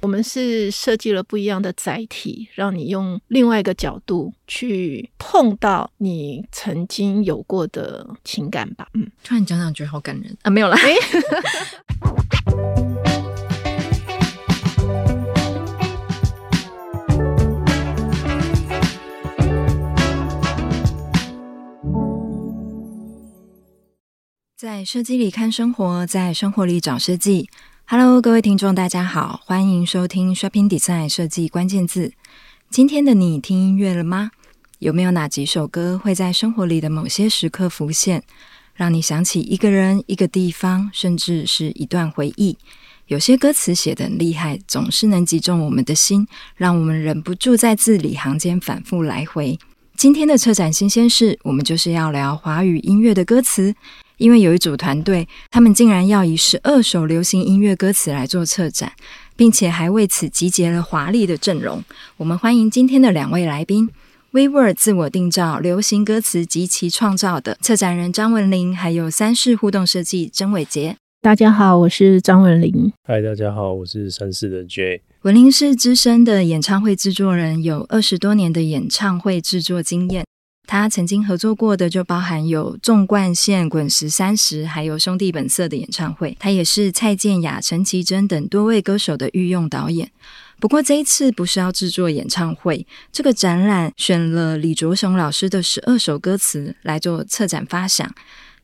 我們是設計了不一樣的載體，讓你用另外一個角度去碰到你曾經有過的情感吧。嗯，突然講講覺得好感人啊！沒有啦。 在設計裡看生活，在生活裡找設計。Hello，各位聽眾，大家好，歡迎收聽 Shopping Design 設計關鍵字。今天的你聽音樂了嗎？有沒有哪幾首歌會在生活裡的某些時刻浮現，讓你想起一個人、一個地方，甚至是一段回憶？有些歌詞寫得很厲害，總是能擊中我們的心，讓我們忍不住在字裡行間反覆來回。今天的策展新鮮事，我們就是要聊華語音樂的歌詞。因為有一組團隊，他們竟然要以十二首流行音樂歌詞來做策展，並且還為此集結了華麗的陣容。我們歡迎今天的兩位來賓：WeWORD 字我訂造流行歌詞及其創造的策展人張文玲，還有叁式互動設計曾偉傑。大家好，我是張文玲。嗨，大家好，我是叁式的 Jay。文玲是資深的演唱會製作人，有二十多年的演唱會製作經驗。他曾經合作過的就包含有縱貫線、滾石三十，還有兄弟本色的演唱會。他也是蔡健雅、陳綺貞等多位歌手的御用導演。不過這一次不是要制作演唱會，這個展覽選了李焯雄老師的十二首歌詞來做策展發想，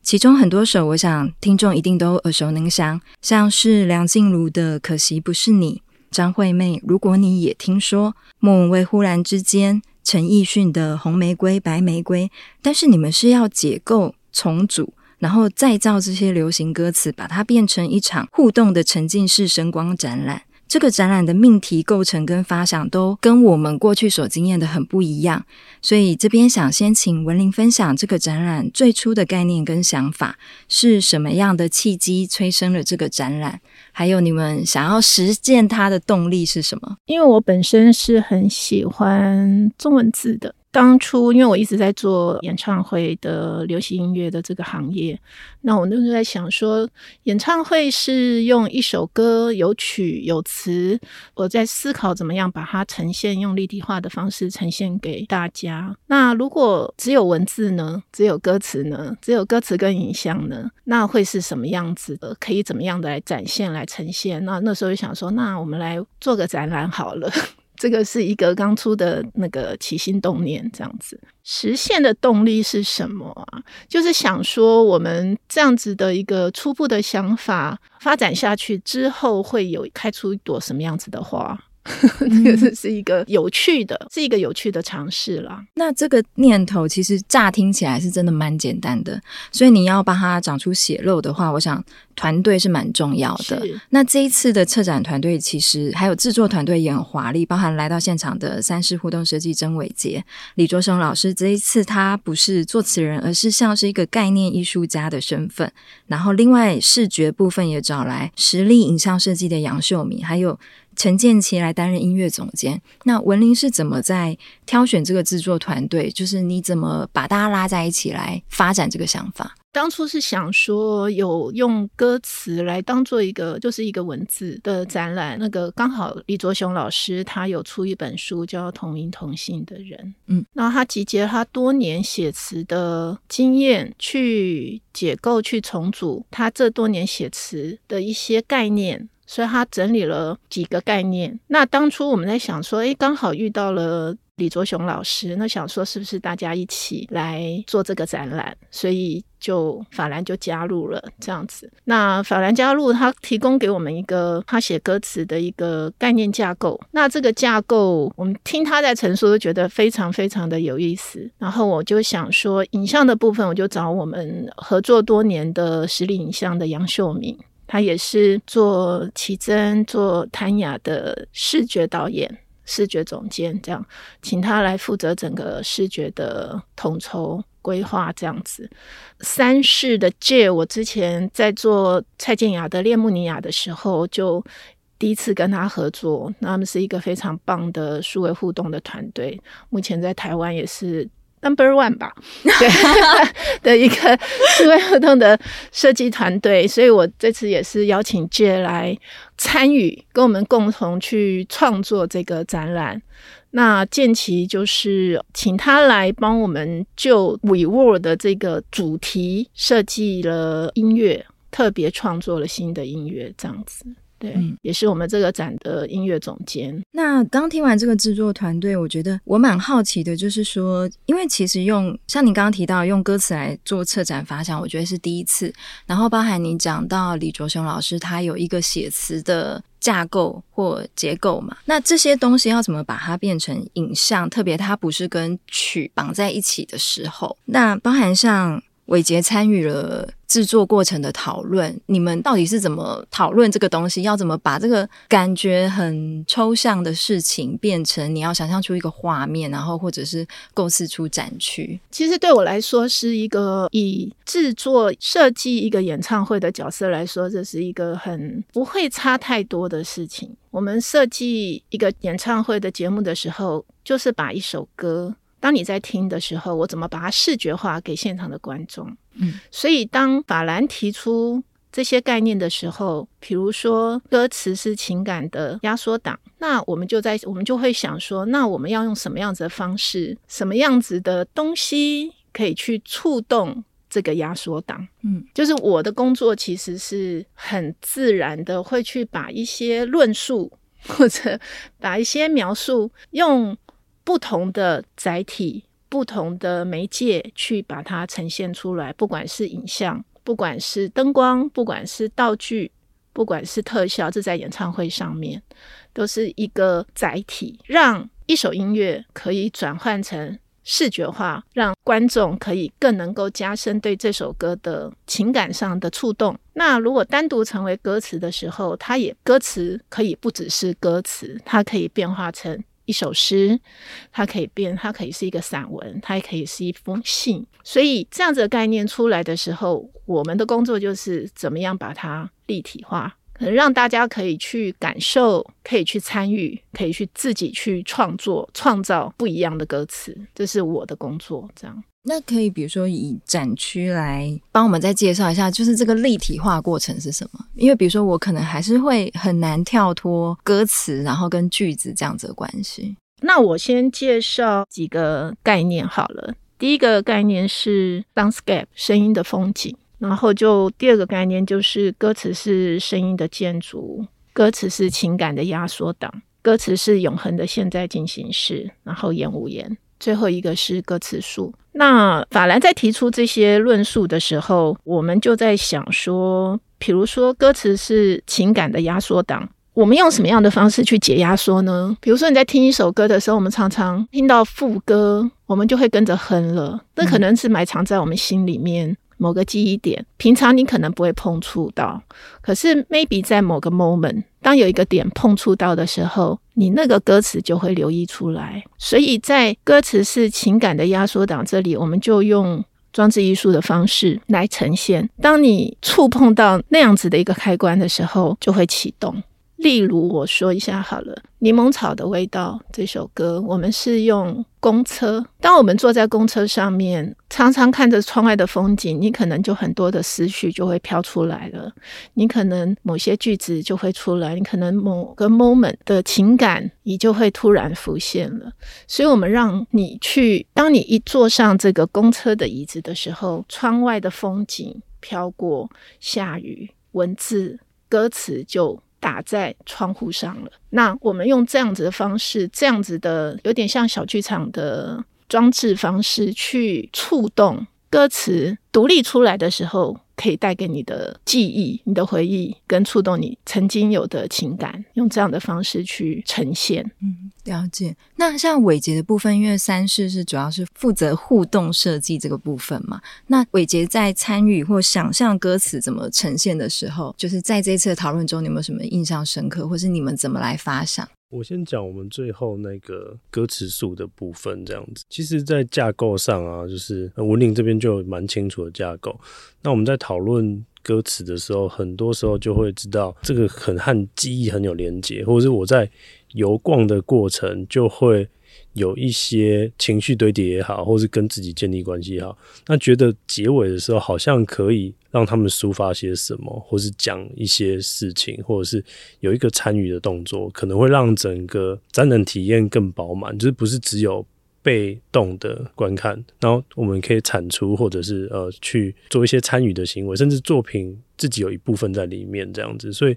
其中很多首我想聽眾一定都耳熟能詳，像是梁靜茹的《可惜不是你》，張惠妹如果你也聽說，莫文蔚忽然之間。陳奕迅的《紅玫瑰》《白玫瑰》，但是你們是要解構、重組，然後再造這些流行歌詞，把它變成一場互動的沉浸式聲光展覽。這個展覽的命題構成跟發想都跟我們過去所經驗的很不一樣，所以這邊想先請文玲分享這個展覽最初的概念跟想法，是什麼樣的契機催生了這個展覽，還有你們想要實踐它的動力是什麼？因為我本身是很喜歡中文字的。當初因為我一直在做演唱會的流行音樂的這個行業，那我那時候在想說，演唱會是用一首歌，有曲有詞，我在思考怎麼樣把它呈現，用立體化的方式呈現給大家。那如果只有文字呢？只有歌詞呢？只有歌詞跟影像呢？那會是什麼樣子的？可以怎麼樣的來展現、來呈現？那那時候就想說，那我們來做個展覽好了。這個是一個剛出的那個起心動念這樣子，實現的動力是什麼啊？就是想說，我們這樣子的一個初步的想法發展下去之後，會有開出一朵什麼樣子的花？ 嗯、這個是一個有趣的，是一個有趣的嘗試啦。那這個念頭其實乍聽起來是真的蠻簡單的，所以你要把它長出血肉的話，我想團隊是蠻重要的。是那這一次的策展團隊其實還有制作團隊也很華麗，包含來到現場的叁式互動設計曾煒傑、李焯雄老師。這一次他不是作詞人，而是像是一個概念藝術家的身份。然後另外視覺部分也找來實力影像設計的楊秀敏還有。陳建騏來擔任音樂總監，那文玲是怎麼在挑選這個制作團隊？就是你怎麼把大家拉在一起來發展這個想法？當初是想說有用歌詞來當做一個，就是一個文字的展覽。那個剛好李焯雄老師他有出一本書叫《同名同姓的人》，嗯，那他集結了他多年寫詞的經驗，去解構、去重組他這多年寫詞的一些概念。所以他整理了幾個概念。那當初我們在想說，誒，剛好遇到了李焯雄老師，那想說是不是大家一起來做這個展覽？所以就法蘭就加入了這樣子。那法蘭加入，他提供給我們一個他寫歌詞的一個概念架構。那這個架構，我們聽他在陳述都覺得非常非常的有意思。然後我就想說，影像的部分，我就找我們合作多年的實力影像的楊秀敏。他也是做綺貞、做譚雅的視覺導演、視覺總監，這樣，請他來負責整個視覺的統籌規劃，這樣子。叁式的 Jay，我之前在做蔡健雅的《列穆尼亞》的時候，就第一次跟他合作，那他們是一個非常棒的數位互動的團隊，目前在台灣也是。Number one 吧，對， 的一個數位互動的設計團隊，所以我這次也是邀請 Jay 來參與，跟我們共同去創作這個展覽。那建騏就是請他來幫我們就 WeWORD 的這個主題設計了音樂，特別創作了新的音樂，這樣子。對，嗯，也是我們這個展的音樂總監。那剛聽完這個製作團隊，我覺得我蠻好奇的，就是說，因為其實用像你剛剛提到用歌詞來做策展發想，我覺得是第一次。然後包含你講到李焯雄老師，他有一個寫詞的架構或結構嘛？那這些東西要怎麼把它變成影像？特別它不是跟曲綁在一起的時候，那包含像。煒傑參與了製作過程的討論，你們到底是怎麼討論這個東西？要怎麼把這個感覺很抽象的事情變成你要想象出一個畫面，然後或者是構思出展區？其實對我來說，是一個以製作設計一個演唱會的角色來說，這是一個很不會差太多的事情。我們設計一個演唱會的節目的時候，就是把一首歌。當你在聽的時候，我怎麼把它視覺化給現場的觀眾？嗯，所以當法蘭提出這些概念的時候，比如說歌詞是情感的壓縮檔，那我們就在我們就會想說，那我們要用什麼樣子的方式，什麼樣子的東西可以去觸動這個壓縮檔？嗯，就是我的工作其實是很自然的，會去把一些論述或者把一些描述用。不同的載體、不同的媒介去把它呈現出來，不管是影像，不管是燈光，不管是道具，不管是特效，這在演唱會上面都是一個載體，讓一首音樂可以轉換成視覺化，讓觀眾可以更能夠加深對這首歌的情感上的觸動。那如果單獨成為歌詞的時候，它也歌詞可以不只是歌詞，它可以變化成。一首詩，它可以變，它可以是一個散文，它也可以是一封信。所以這樣子的概念出來的時候，我們的工作就是怎麼樣把它立體化，可能讓大家可以去感受，可以去參與，可以去自己去創作，創造不一樣的歌詞。這是我的工作，這樣。那可以，比如說以展區來幫我們再介紹一下，就是這個立體化過程是什麼？因為比如說我可能還是會很難跳脫歌詞，然後跟句子這樣子的關係。那我先介紹幾個概念好了。第一個概念是 soundscape 聲音的風景，然後就第二個概念就是歌詞是聲音的建築，歌詞是情感的壓縮檔，歌詞是永恆的現在進行式，然後言無言。最後一個是歌詞數。那法蘭在提出這些論述的時候，我們就在想說，比如說歌詞是情感的壓縮檔，我們用什麼樣的方式去解壓縮呢？比如說你在聽一首歌的時候，我們常常聽到副歌，我們就會跟着哼了。那可能是埋藏在我們心裡面某個記憶點，嗯、平常你可能不會碰觸到，可是 maybe 在某個 moment，當有一個點碰觸到的時候，你那個歌詞就會流溢出來，所以在歌詞是情感的壓縮檔這裡，我們就用裝置藝術的方式來呈現。當你觸碰到那樣子的一個開關的時候，就會啟動。例如我說一下好了，《檸檬草的味道》這首歌，我們是用公車。當我們坐在公車上面，常常看着窗外的風景，你可能就很多的思緒就會飄出來了。你可能某些句子就會出來，你可能某個 moment 的情感，你就會突然浮現了。所以，我們讓你去，當你一坐上這個公車的椅子的時候，窗外的風景飄過，下雨，文字歌詞就。打在窗戶上了。那我們用這樣子的方式，這樣子的有點像小劇場的裝置方式去觸動。歌詞獨立出來的時候，可以帶給你的記憶、你的回憶跟觸動你曾經有的情感，用這樣的方式去呈現。嗯，了解。那像煒傑的部分，因為叁式是主要是負責互動設計這個部分嘛，那煒傑在參與或想象歌詞怎麼呈現的時候，就是在這次的討論中，你們有沒有什麼印象深刻，或是你們怎麼來發想？我先講我們最後那個歌詞數的部分，這樣子。其實，在架構上啊，就是文玲這邊就蠻清楚的架構。那我們在討論歌詞的時候，很多時候就會知道這個很和記憶很有連結，或者是我在遊逛的過程就會。有一些情緒堆疊也好，或是跟自己建立關係也好，那覺得結尾的時候好像可以讓他們抒發些什麼，或是講一些事情，或者是有一個參與的動作，可能會讓整個展覽體驗更飽滿，就是不是只有被動的觀看，然後我們可以產出，或者是呃去做一些參與的行為，甚至作品自己有一部分在裡面這樣子，所以。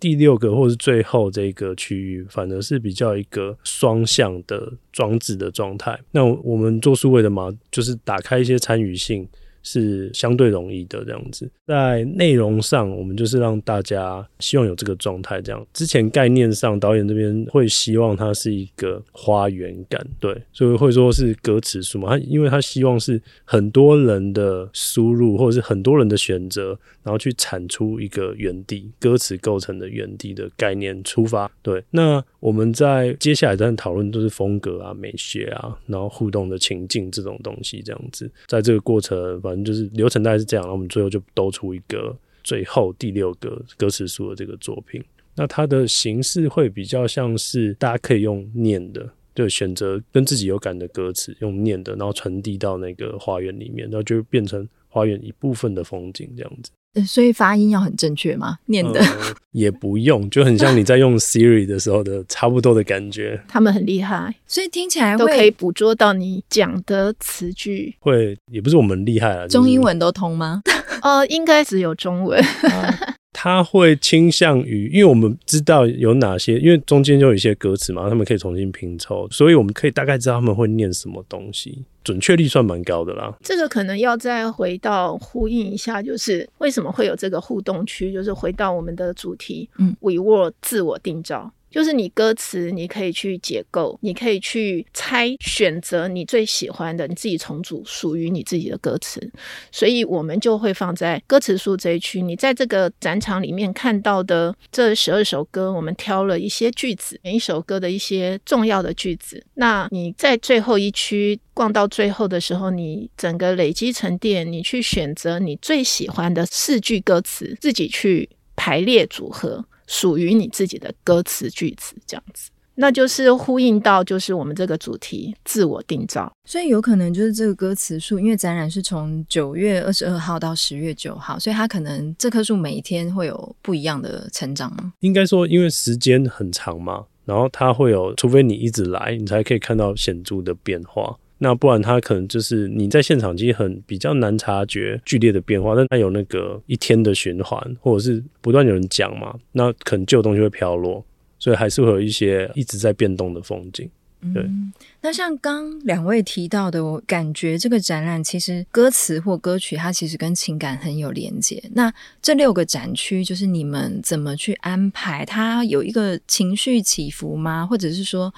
第六個，或是最後這個區域，反而是比較一個雙向的裝置的狀態。那我們做數位的嘛，就是打開一些參與性。是相對容易的這樣子，在內容上，我們就是讓大家希望有這個狀態。這樣之前概念上，導演這邊會希望它是一個花園感，對，所以會說是歌詞樹嘛，他因為他希望是很多人的輸入或者是很多人的選擇，然後去產出一個原地歌詞構成的原地的概念出發。對，那我們在接下來在討論都是風格啊、美學啊，然後互動的情境這種東西這樣子，在這個過程。反正就是流程大概是這樣，然後我們最後就都出一個最後第六個歌詞書的這個作品。那它的形式會比較像是大家可以用念的，就選擇跟自己有感的歌詞，用念的，然後傳遞到那個花園裡面，然後就變成花園一部分的風景這樣子。呃、所以發音要很正確嗎？念的、呃、也不用，就很像你在用 Siri 的時候的差不多的感覺。 他們很厲害，所以聽起來會，都可以捕捉到你講的詞句。會，也不是我們厲害啊，就是、中英文都通嗎？哦、 呃、應該只有中文。 啊他會傾向於，因為我們知道有哪些，因為中間就有一些歌詞嘛，他們可以重新拼湊，所以我們可以大概知道他們會念什麼東西，準確率算蠻高的啦。這個可能要再回到呼應一下，就是為什麼會有這個互動區，就是回到我們的主題，嗯，WeWORD 字我訂造。就是你歌詞，你可以去解構，你可以去猜，選擇你最喜歡的，你自己重組屬於你自己的歌詞。所以，我們就會放在歌詞書這一區。你在這個展場裡面看到的這十二首歌，我們挑了一些句子，每一首歌的一些重要的句子。那你在最後一區逛到最後的時候，你整個累積沉澱，你去選擇你最喜歡的四句歌詞，自己去排列組合。屬於你自己的歌詞句子，這樣子，那就是呼應到就是我們這個主題字我訂造，所以有可能就是這個歌詞樹，因為展覽是從九月二十二號到十月九號，所以它可能這棵樹每一天會有不一樣的成長嗎？應該說，因為時間很長嘛，然後它會有，除非你一直來，你才可以看到顯著的變化。那不然它可能就是你在現場其實很比較難察覺劇烈的變化，但它有那個一天的循環，或者是不斷有人講嘛，那可能舊東西會飄落，所以還是會有一些一直在變動的風景。對，嗯，那像剛兩位提到的，我感覺這個展覽其實歌詞或歌曲它其實跟情感很有連接。那這六個展區就是你們怎麼去安排？它有一個情緒起伏嗎？或者是說？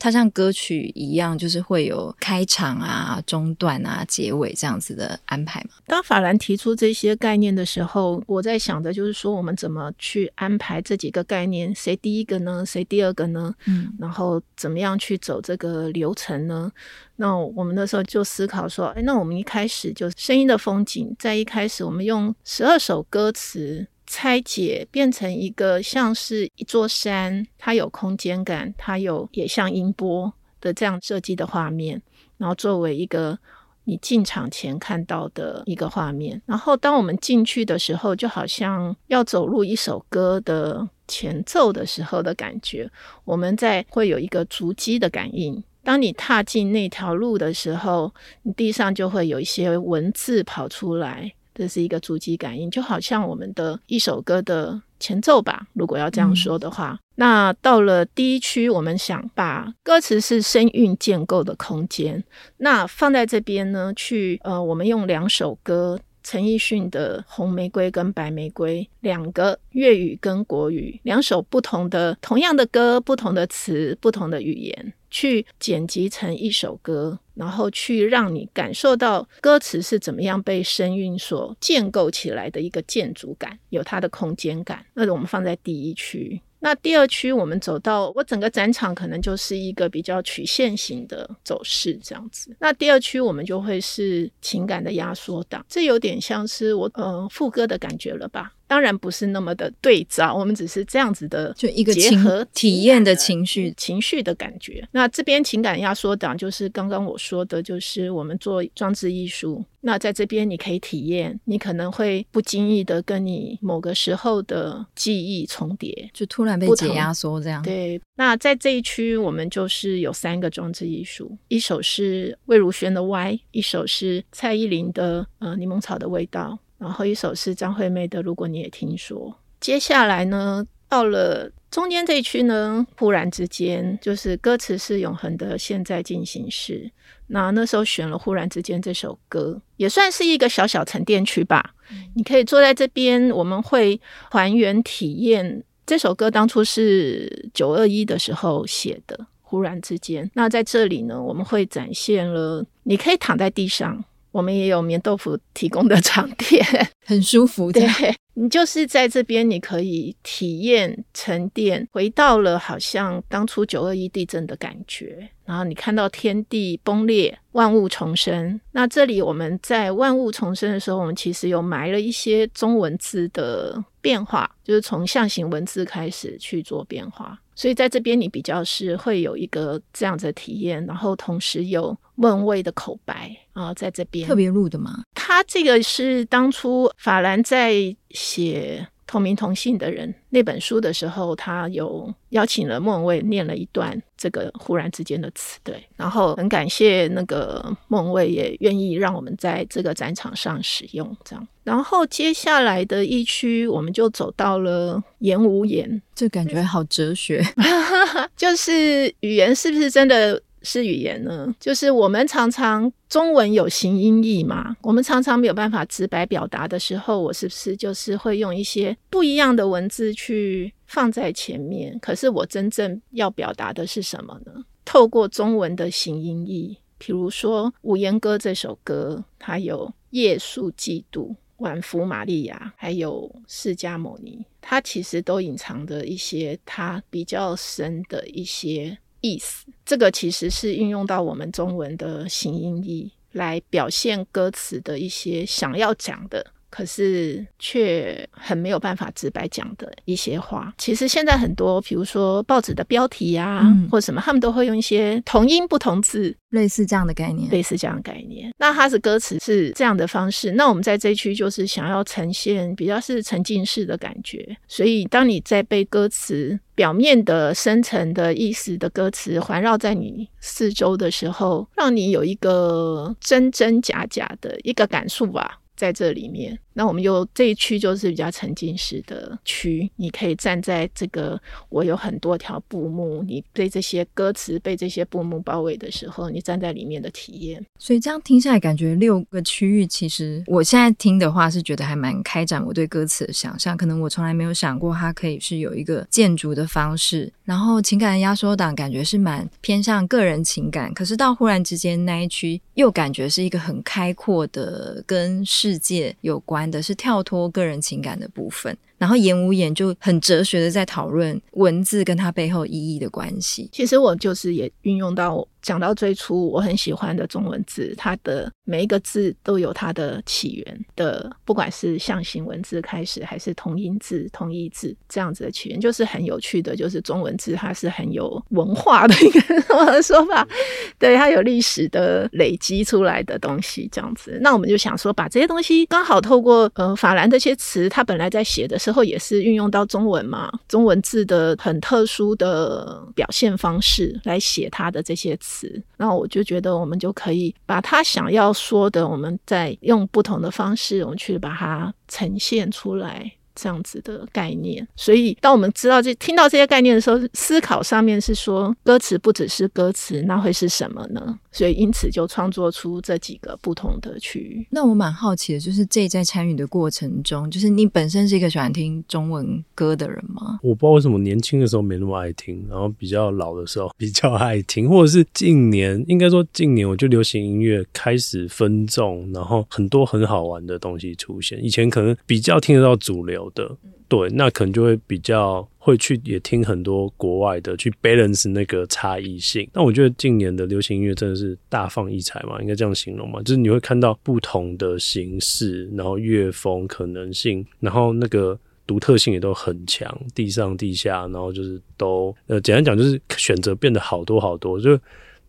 它像歌曲一樣，就是會有開場啊、中段啊、結尾這樣子的安排嘛。當法蘭提出這些概念的時候，我在想的就是說，我們怎麼去安排這幾個概念？誰第一個呢？誰第二個呢？嗯，然後怎麼樣去走這個流程呢？那我們那時候就思考說，哎、欸，那我們一開始就聲音的風景，在一開始我們用十二首歌詞。拆解變成一個像是一座山，它有空間感，它有也像音波的這樣設計的畫面，然後作為一個你進場前看到的一個畫面，然後當我們進去的時候，就好像要走入一首歌的前奏的時候的感覺，我們在會有一個足跡的感應。當你踏進那條路的時候，你地上就會有一些文字跑出來。這是一個主機感應，就好像我們的一首歌的前奏吧，如果要這樣說的話。嗯、那到了第一區，我們想把歌詞是聲韻建構的空間，那放在這邊呢，去呃，我們用兩首歌，陳奕迅的《紅玫瑰》跟《白玫瑰》，兩個粵語跟國語，兩首不同的、同樣的歌，不同的詞，不同的語言，去剪輯成一首歌。然後去讓你感受到歌詞是怎麼樣被聲韻所建構起來的一個建築感，有它的空間感。那我們放在第一區，那第二區我們走到我整個展場可能就是一個比較曲線型的走勢這樣子。那第二區我們就會是情感的壓縮檔，這有點像是我嗯、呃、副歌的感覺了吧。當然不是那麼的對照，我們只是這樣子的就一個結合體驗的情緒、情，情緒的感覺。那這邊情感壓縮檔，就是剛剛我說的，就是我們做裝置藝術。那在這邊你可以體驗，你可能會不經意的跟你某個時候的記憶重疊，就突然被解壓縮這樣。對。那在這一區，我們就是有三個裝置藝術，一首是魏如萱的《歪》，一首是蔡依林的《呃檸檬草的味道》。然後一首是張惠妹的《如果你也聽說》，接下來呢，到了中間這一區呢，忽然之間，就是歌詞是永恆的現在進行式。那那時候選了《忽然之間》這首歌，也算是一個小小沉澱區吧。嗯、你可以坐在這邊，我們會還原體驗這首歌當初是九二一的時候寫的《忽然之間》。那在這裡呢，我們會展現了你可以躺在地上。我們也有棉豆腐提供的床墊，很舒服的。對，你就是在這邊，你可以體驗沉澱，回到了好像當初九二一地震的感覺。然後你看到天地崩裂，萬物重生。那這裡我們在萬物重生的時候，我們其實有埋了一些中文字的。變化就是從象形文字開始去做變化，所以在這邊，你比較是會有一個這樣子的體驗，然後同時有問味的口白啊，在這邊特別錄的嗎？他這個是當初法蘭在寫，同名同姓的人，那本書的時候，他有邀請了莫文蔚念了一段這個忽然之間的詞，對，然後很感謝那個莫文蔚也願意讓我們在這個展場上使用這樣，然後接下來的一區我們就走到了言無言，這感覺好哲學， 就是語言是不是真的？是語言呢，就是我們常常中文有形音義嘛，我們常常沒有辦法直白表達的時候，我是不是就是會用一些不一樣的文字去放在前面？可是我真正要表達的是什麼呢？透過中文的形音義，比如說《無言歌》這首歌，它有耶穌基督、萬福瑪利亞，還有釋迦牟尼，它其實都隱藏着一些它比較深的一些意思，這個其實是運用到我們中文的形音義來表現歌詞的一些想要講的，可是卻很沒有辦法直白講的一些話。其實現在很多，比如說報紙的標題啊，嗯、或什麼，他們都會用一些同音不同字，類似這樣的概念。類似這樣的概念。那它的歌詞是這樣的方式。那我們在這一區就是想要呈現比較是沉浸式的感覺。所以當你在被歌詞表面的、深層的意思的歌詞環繞在你四周的時候，讓你有一個真真假假的一個感觸吧、啊。在這裡面。那我們又這一區就是比較沉浸式的區，你可以站在這個，我有很多條布幕，你對這些歌詞被這些布幕包圍的時候，你站在裡面的體驗。所以這樣聽下來，感覺六個區域其實我現在聽的話是覺得還蠻開展我對歌詞的想象，可能我從來沒有想過它可以是有一個建築的方式。然後情感壓縮檔感覺是蠻偏向個人情感，可是到忽然之間那一區又感覺是一個很開闊的，跟世界有關的是跳脫個人情感的部分。然後《無言歌》就很哲學的在討論文字跟它背後意義的關係。其實我就是也運用到講到最初我很喜歡的中文字，它的每一個字都有它的起源的，不管是象形文字開始，還是同音字、同義字這樣子的起源，就是很有趣的，就是中文字它是很有文化的一個說法，對它有歷史的累積出來的東西這樣子。那我們就想說，把這些東西剛好透過呃法蘭這些詞，它本來在寫的時候。之後也是運用到中文嘛，中文字的很特殊的表現方式來寫他的這些詞，然後我就覺得我們就可以把他想要說的，我們再用不同的方式，我們去把它呈現出來這樣子的概念。所以當我們知道這聽到這些概念的時候，思考上面是說歌詞不只是歌詞，那會是什麼呢？所以，因此就創作出這幾個不同的區域。那我蠻好奇的，就是這在參與的過程中，就是你本身是一個喜歡聽中文歌的人嗎？我不知道為什麼年輕的時候沒那麼愛聽，然後比較老的時候比較愛聽，或者是近年，應該說近年，我就流行音樂開始分眾，然後很多很好玩的東西出現。以前可能比較聽得到主流的，嗯、對，那可能就會比較。會去也聽很多國外的，去 balance 那個差異性。那我覺得近年的流行音樂真的是大放異彩嘛，應該這樣形容嘛，就是你會看到不同的形式，然後樂風可能性，然後那個獨特性也都很強，地上地下，然後就是都，呃，簡單講就是選擇變得好多好多，就。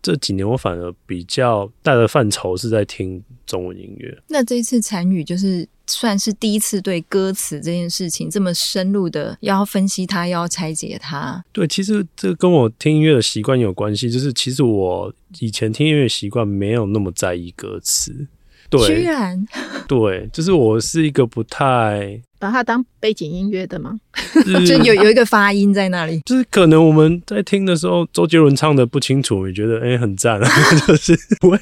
這幾年我反而比較大的範疇是在聽中文音樂。那這次參與就是算是第一次對歌詞這件事情這麼深入的要分析它，要拆解它。對，其實這跟我聽音樂的習慣有關係。就是其實我以前聽音樂習慣沒有那麼在意歌詞。對，居然？對，就是我是一個不太。把它當背景音樂的嗎？是 就有有一個發音在那裡，就是可能我們在聽的時候，周杰倫唱得不清楚，你覺得哎、欸、很讚啊， 就是不會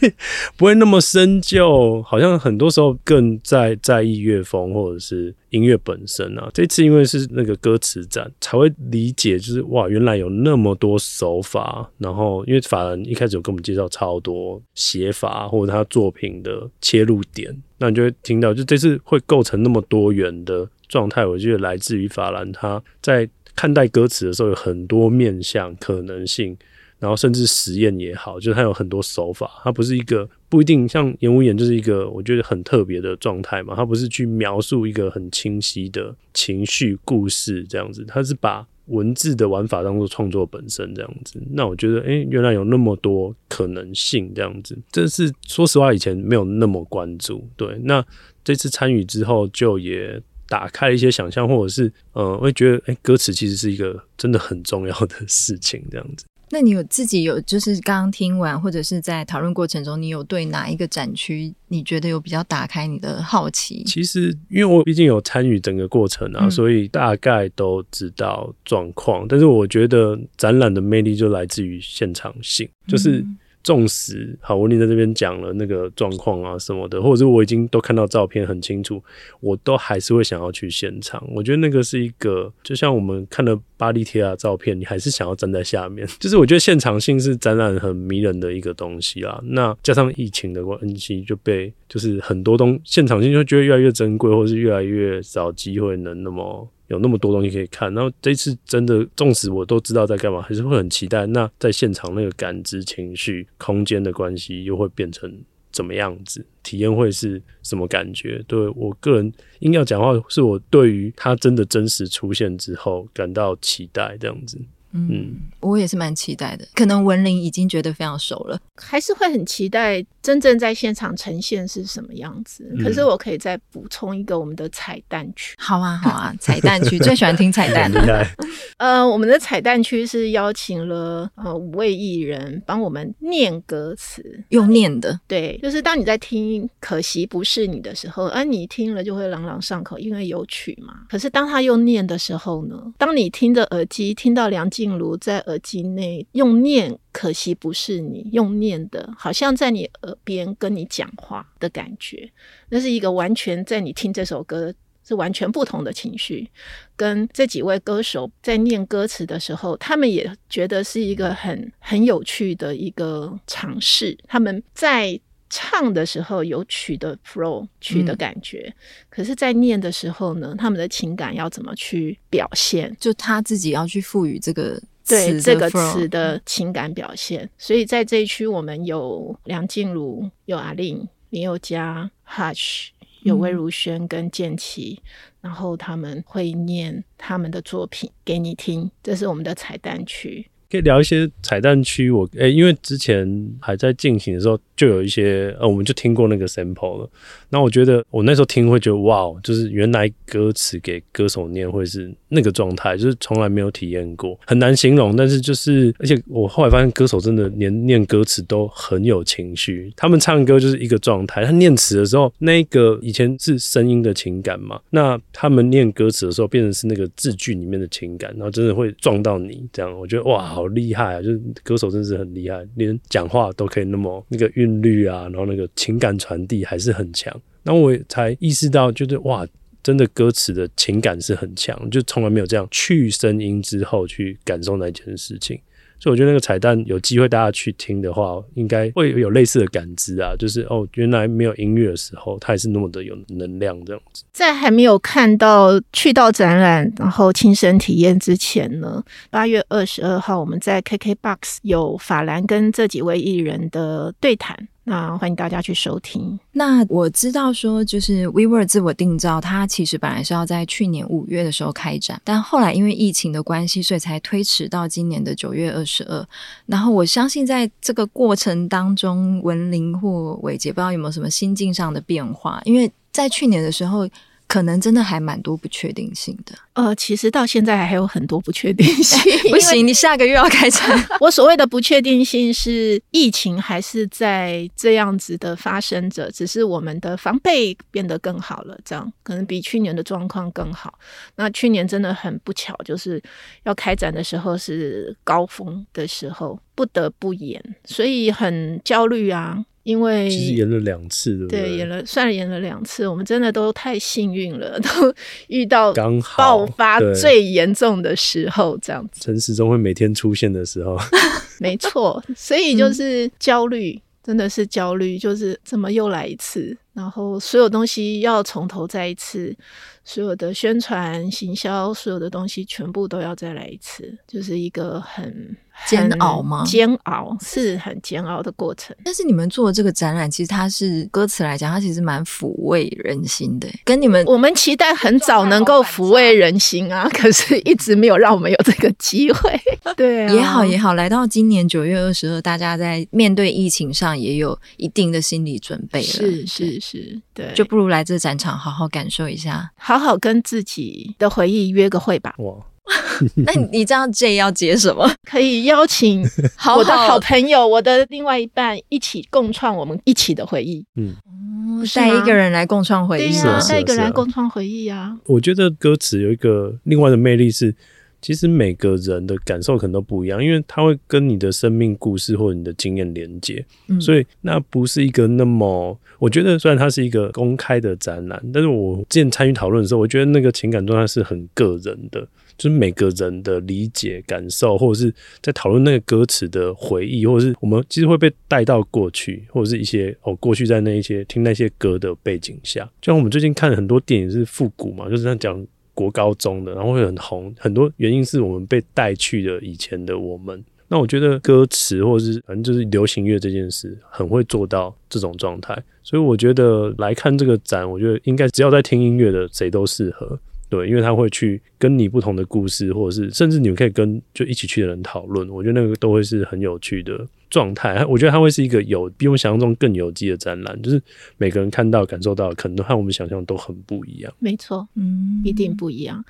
不會那麼深究，好像很多時候更在在意樂風或者是音樂本身啊。這次因為是那個歌詞展，才會理解就是哇，原來有那麼多手法。然後因為法人一開始有跟我們介紹超多寫法或者他作品的切入點。那你就會聽到，就這次會構成那麼多元的狀態，我覺得來自於法蘭他在看待歌詞的時候有很多面向可能性，然後甚至實驗也好，就是他有很多手法，他不是一個不一定像演無言就是一個我覺得很特別的狀態嘛，他不是去描述一個很清晰的情緒故事這樣子，他是把。文字的玩法當做創作本身這樣子，那我覺得，誒、欸，原來有那麼多可能性這樣子，這是說實話以前沒有那麼關注，對。那這次參與之後，就也打開一些想象，或者是，嗯、呃，我會覺得，誒、欸，歌詞其實是一個真的很重要的事情這樣子。那你有自己有，就是剛剛聽完或者是在討論過程中，你有對哪一個展區，你覺得有比較打開你的好奇？其實，因為我畢竟有參與整個過程啊，嗯、所以大概都知道狀況。但是我覺得展覽的魅力就來自於現場性，就是。縱使好，我尼在這邊講了那個狀況啊什麼的，或者是我已經都看到照片很清楚，我都還是會想要去現場。我覺得那個是一個，就像我們看了巴黎鐵塔照片，你還是想要站在下面。就是我覺得現場性是展覽很迷人的一個東西啊。那加上疫情的關係，就被就是很多東現場性就會覺得越來越珍貴，或是越來越少機會能那麼。有那麼多東西可以看，然後這次真的，縱使我都知道在幹嘛，還是會很期待。那在現場那個感知、情緒、空間的關係，又會變成怎麼樣子？體驗會是什麼感覺？對我個人，應該要講話，是我對於他真的真實出現之後，感到期待這樣子。嗯，嗯，我也是蠻期待的。可能文玲已經覺得非常熟了，還是會很期待。真正在現場呈現是什麼樣子？可是我可以再補充一個我們的彩蛋區。好啊，好啊，好啊 彩蛋區，最喜歡聽彩蛋 的呃，我們的彩蛋區是邀請了呃五位藝人幫我們念歌詞，用念的。啊，對，就是當你在聽《可惜不是你》的時候，而、啊、你聽了就會朗朗上口，因為有曲嘛。可是當他用念的時候呢，當你聽着耳機，聽到梁靜茹在耳機內用念，可惜不是你用念的，好像在你耳邊跟你講話的感覺。那是一個完全在你聽這首歌是完全不同的情緒。跟這幾位歌手在念歌詞的時候，他們也覺得是一個很很有趣的一個嘗試。他們在唱的時候有曲的 flow 曲的感覺，嗯、可是在念的時候呢，他們的情感要怎麼去表現？就他自己要去賦予這個。對這個詞的情感表現， 所以在這一區我們有梁靜茹、有 A-Lin、林宥嘉、Hush、 ush, 有魏如萱跟建騏，然後他們會念他們的作品給你聽，這是我們的彩蛋區。可以聊一些彩蛋區，我誒、欸，因為之前還在進行的時候，就有一些呃，我們就聽過那個 sample 了。那我覺得我那時候聽會覺得哇，就是原來歌詞給歌手念，會是那個狀態，就是從來沒有體驗過，很難形容。但是就是，而且我後來發現，歌手真的連念歌詞都很有情緒，他們唱歌就是一個狀態，他念詞的時候，那個以前是聲音的情感嘛，那他們念歌詞的時候，變成是那個字句裡面的情感，然後真的會撞到你這樣，我覺得哇。好厲害啊！就是歌手真的是很厲害，連講話都可以那麼那個韻律啊，然後那個情感傳遞還是很強。那我才意識到覺得，就是哇，真的歌詞的情感是很強，就從來沒有這樣去聲音之後去感受那件事情。所以我覺得那個彩蛋有機會大家去聽的話，應該會有類似的感知啊，就是哦，原來沒有音樂的時候，它還是那麼的有能量這樣子。在還沒有看到去到展覽，然後親身體驗之前呢，八月二十二號我們在 KKBOX 有法蘭跟這幾位藝人的對談。啊，歡迎大家去收聽。那我知道說，就是 WeWORD 字我訂造，它其實本來是要在去年五月的時候開展，但後來因為疫情的關係，所以才推遲到今年的九月二十二。然後我相信，在這個過程當中，文玲或煒傑不知道有沒有什麼心境上的變化，因為在去年的時候。可能真的還蠻多不確定性的。呃，其實到現在還，還有很多不確定性。 因為 不行，你下個月要開展。 我所謂的不確定性是疫情還是在這樣子的發生着，只是我們的防備變得更好了，這樣可能比去年的狀況更好。那去年真的很不巧，就是要開展的時候是高峰的時候，不得不演，所以很焦慮啊。因為其實演了兩次，對，對，對，演了算了演了兩次，我們真的都太幸運了，都遇到剛好爆發最嚴重的時候，這樣子，城市中會每天出現的時候， 沒錯，所以就是焦慮，嗯、真的是焦慮，就是怎麼又來一次，然後所有東西要從頭再一次，所有的宣傳、行銷，所有的東西全部都要再來一次，就是一個很。煎熬嗎？煎熬是很煎熬的過程。但是你們做的這個展覽，其實它是歌詞來講，它其實蠻撫慰人心的。跟你們、嗯，我們期待很早能夠撫慰人心啊，嗯、可是一直沒有讓我們有這個機會。 對、啊，也好也好，來到今年九月的時候，大家在面對疫情上也有一定的心理準備了。是是是，對，對就不如來這展場好好感受一下，好好跟自己的回憶約個會吧。哇。 那你這樣接要接什麼？可以邀請我的好朋友， 我的另外一半一起共創我們一起的回憶。嗯，帶一個人來共創回憶，對呀、啊啊啊啊、帶一個人來共創回憶啊！我覺得歌詞有一個另外的魅力是，其實每個人的感受可能都不一樣，因為它會跟你的生命故事或者你的經驗連接，嗯，所以那不是一個那麼我覺得，雖然它是一個公開的展覽，但是我之前參與討論的時候，我覺得那個情感狀態是很個人的，就是每個人的理解、感受，或者是在討論那個歌詞的回憶，或者是我們其實會被帶到過去，或者是一些哦過去在那一些聽那些歌的背景下，就像我們最近看很多電影是復古嘛，就是這樣講。國高中的，然後會很紅，很多原因是我們被帶去了以前的我們。那我覺得歌詞，或者是反正就是流行樂這件事，很會做到這種狀態。所以我覺得來看這個展，我覺得應該只要在聽音樂的，誰都適合。對，因為他會去跟你不同的故事，或者是甚至你們可以跟就一起去的人討論，我覺得那個都會是很有趣的狀態。我覺得他會是一個有比我們想象中更有機的展覽，就是每個人看到、感受到，可能和我們想象都很不一樣。沒錯，嗯，一定不一樣。嗯、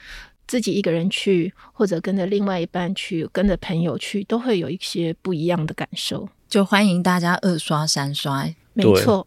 自己一個人去，或者跟着另外一半去，跟着朋友去，都會有一些不一樣的感受。就歡迎大家二刷、三刷。沒錯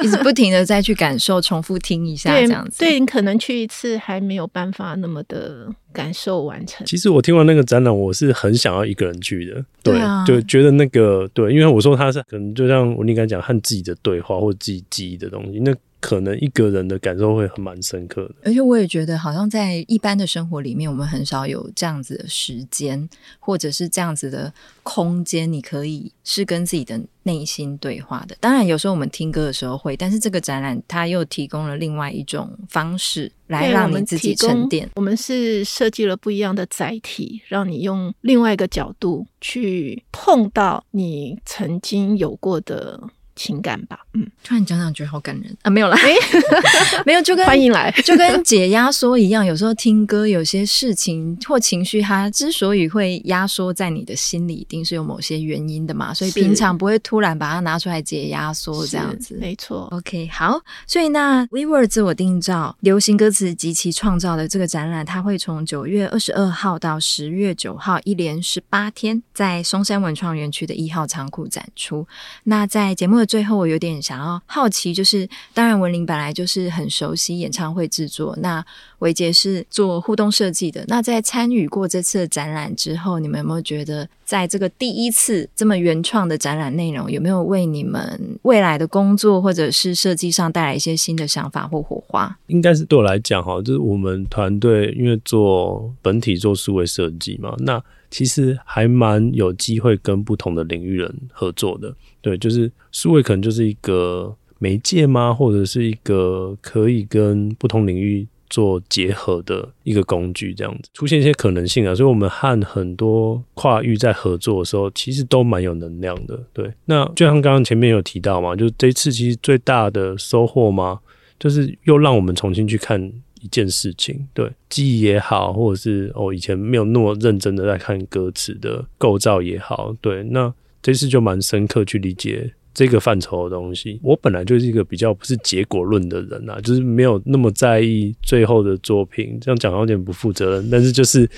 對， 一直不停的再去感受，重複聽一下這樣子。對，對你可能去一次還沒有辦法那麼的感受完成。其實我聽完那個展覽，我是很想要一個人去的，對，對啊，就覺得那個對，因為我說他是可能就像我你剛才講和自己的對話或者自己記憶的東西那。可能一個人的感受會很蠻深刻的，而且我也覺得，好像在一般的生活裡面，我們很少有這樣子的時間，或者是這樣子的空間，你可以是跟自己的內心對話的。當然，有時候我們聽歌的時候會，但是這個展覽它又提供了另外一種方式，來讓你自己沉澱。我們是設計了不一樣的載體，讓你用另外一個角度去碰到你曾經有過的情感吧，嗯，突然講講覺得好感人啊，沒有啦，欸、 沒有，就跟歡迎來，就跟解壓縮一樣，有時候聽歌，有些事情或情緒，它之所以會壓縮在你的心裡，一定是有某些原因的嘛，所以平常不會突然把它拿出來解壓縮這樣子，沒錯。OK，好，所以那 WeWORD 字我訂造流行歌詞及其創造的這個展覽，它會從九月二十二號到十月九號，一連十八天，在松山文創園區的一號倉庫展出。那在節目。那最後，我有點想要好奇，就是當然，文玲本來就是很熟悉演唱會製作，那煒傑是做互動設計的。那在參與過這次的展覽之後，你們有沒有覺得，在這個第一次這麼原創的展覽內容，有沒有為你們未來的工作或者是設計上帶來一些新的想法或火花？應該是對我來講，哈，就是我們團隊因為做本體做數位設計嘛，那。其實還蠻有機會跟不同的領域人合作的，對，就是數位可能就是一個媒介嘛，或者是一個可以跟不同領域做結合的一個工具，這樣子出現一些可能性啊。所以，我們和很多跨域在合作的時候，其實都蠻有能量的，對。那就像剛剛前面有提到嘛，就這次其實最大的收穫嘛，就是又讓我們重新去看。一件事情，對，對記憶也好，或者是哦以前沒有那麼認真的在看歌詞的構造也好，對，那這次就蠻深刻去理解。這個範疇的東西，我本來就是一個比較不是結果論的人啊，就是沒有那麼在意最後的作品，這樣講有點不負責任，但是就是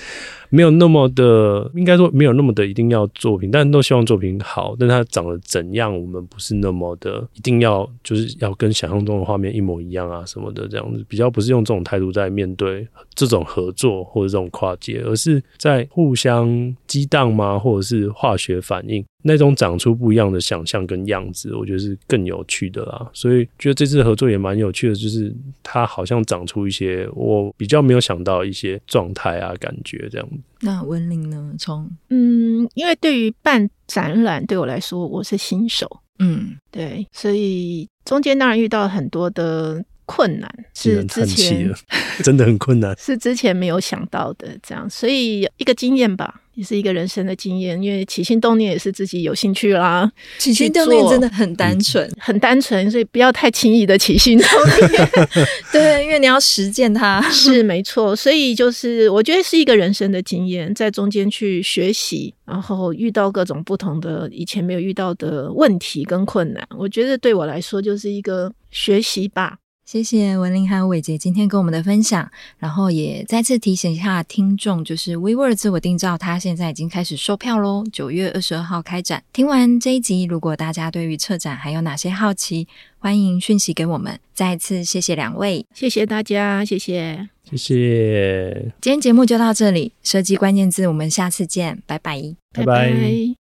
沒有那麼的，應該說沒有那麼的一定要作品，但都希望作品好。但它長得怎樣，我們不是那麼的一定要，就是要跟想象中的畫面一模一樣啊什麼的這樣子，比較不是用這種態度在面對這種合作或者這種跨界，而是在互相激盪嗎？或者是化學反應？那種長出不一樣的想象跟樣子，我覺得是更有趣的啦。所以覺得這次合作也蠻有趣的，就是它好像長出一些我比較沒有想到的一些狀態啊，感覺這樣。那文玲呢？從嗯，因為對於辦展覽對我來說，我是新手，嗯，對，所以中間當然遇到很多的。困難是之前真的很困難，是之前沒有想到的這樣，所以一個經驗吧，也是一個人生的經驗。因為起心動念也是自己有興趣啦，起心動念真的很單純、嗯，很單純，所以不要太輕易的起心動念。 對，因為你要實踐它 是沒錯，所以就是我覺得是一個人生的經驗，在中間去學習，然後遇到各種不同的以前沒有遇到的問題跟困難，我覺得對我來說就是一個學習吧。謝謝文玲還有煒傑今天跟我們的分享，然後也再次提醒一下聽眾，就是 WeWORD 字我訂造，它現在已經開始售票嘍，九月二十二號開展。聽完這一集，如果大家對於策展還有哪些好奇，歡迎訊息給我們。再次謝謝兩位，謝謝大家，謝謝，謝謝。今天節目就到這裡，設計關鍵字，我們下次見，拜拜，拜拜。